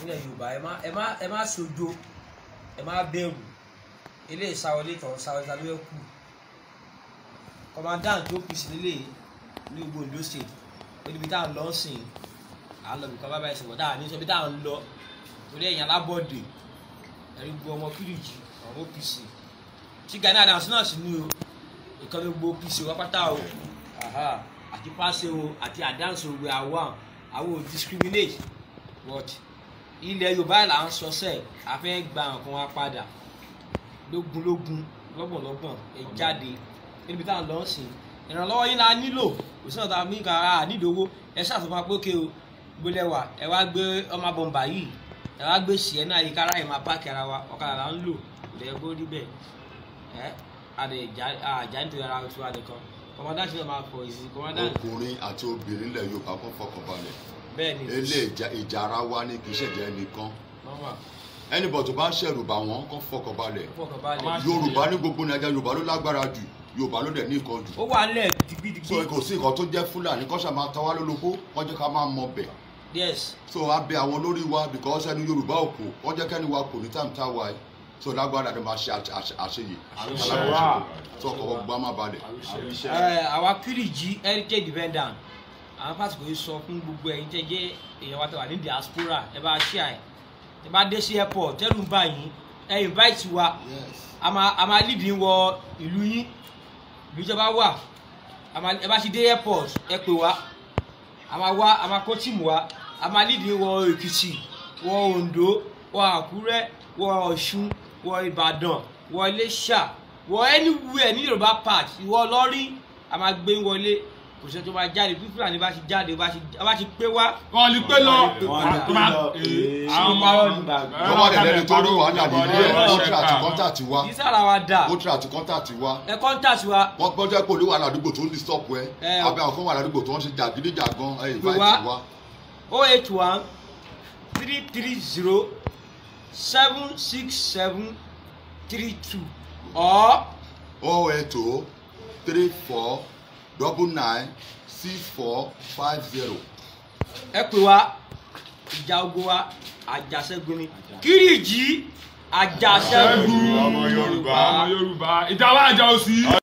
nílẹ̀ yorùbá ẹ má sojo ẹ má bẹ̀rù ilé ìsáwọlé tọ̀ sáwọlé ló yẹ kú commandant tó pèsè nílé ní gbogbo Ondo state ó níbi tá à ń lọ sìn à ń lọ bìkan bábá ẹsẹ̀ bọ̀dá àní sọ́bí tá à ń lọ torí ẹ̀yìn alábọ̀dé ẹ̀rí gbogbo ọmọ kìrìjì ọ̀rọ̀ OPC tí Gani Adams náà sì ní o ìkànnì gbogbo OPC wá pátá o àti pàṣẹ o àti àdáǹsì òwe àwọn àwọn ò discriminate but ilẹ̀ yorùbá là ń sọ sẹ́ẹ̀ a fẹ́ gba nǹkan wa padà lógúnlógún lọ́gbọ̀nlọ́gbọ̀n ẹ jáde níbi táwọn lọ́ọ́ sìn ìrànlọ́wọ́ yín la nílò kò sí ọ̀tá mi kà á nídòwó ẹ ṣàtúnfà pé kí o gbélé wa ẹ wá gbé ọmọ bọ̀m̀bà yìí ẹ wá gbé sìẹ́ náà yìí kára ẹ̀ máa páàkì ara wa ọ̀kadà là ń lò lẹ́ẹ̀kọ́ níbẹ̀ ẹ àdè àjà nítorí ara tiwa nìkan kọmọdán ṣe máa fọ èsì kọmọdán. ọkùnrin àti obìnrin ilẹ̀ yorùbá kò fọkàn balẹ̀. ilé ìjà ara wa ni kì í ṣèjẹ́ nìkan. ẹnìbọ̀ tó bá ń ṣẹ̀rù wọn kò fọkàn yorùbá ní gbogbo nàìjíríà yorùbá ló lágbára jù yorùbá ló dẹ̀ ní nǹkan jù. ó wà lẹ̀ digbidigbi. so kò sí nǹkan tó jẹ́ fúlàní kọ́ṣà máa tawá lólobó kọ́ jẹ́ ká máa mọ bẹ̀. yes. so a bẹ àwọn lórí wa because ẹni yorùbá ò kò kọ́ jẹ́ kẹ́ni wa kò ní tàǹtà wa so lágbára ni máa ṣe àṣeyè. àṣeyè tọkọ ọgbà má balẹ̀. àwa Kiriji Heritage defendant àwọn pásítọ̀ yìí sọ fún gbogbo ẹ̀yin tẹ́ jẹ́ èèyàn wa tó wà ní diaspora ẹ bá ṣíà ẹ̀ ẹ bá dé sí airport tẹ́lù ń bá yín ẹ invite wa a máa lead yín wọ ìlú yín ìlú ìjọba wà ẹ bá ti dé airport ẹ pè wá a máa wá a máa kó tíìmù wa a máa lead yín wọ Èkìtì wọ Oǹdó wọ Àkúrẹ́ wọ Ọ̀ṣun wọ Ìbàdàn wọ Iléṣà wọ anywhere ní yorùbá park ìwọ lọ́rí a máa gbé wọlé kò sí tó máa jáde bí fúlàní bá ti jáde bá ti pé wá. wọn lè pé lọ tó máa àwọn ọmọ lọ́wọ́ rẹ̀ lẹ́nu tó ló wà ní àdìrí ẹ̀ ó tẹ̀ àti kọ́ńtàtì wa ó tẹ̀ àti kọ́ńtàtì wa ẹ kọ́ńtàtì wa. wọ́n gbọ́dọ̀ pé olúwa ládùúgbò tó ń disọ́pù ẹ àbí àwọn kan wà ládùúgbò tó ń ṣe jàgídíjàgan ẹ̀ ìbáyìí wa. oh eight one three three zero seven six seven three two or 082 34 99 64 50. ẹ pè wá ìjà ogun wa àjàṣẹ́gun ni Kírìjí àjàṣẹ́gun ọmọ Yorùbá ọmọ Yorùbá ìjà wa àjà òsì.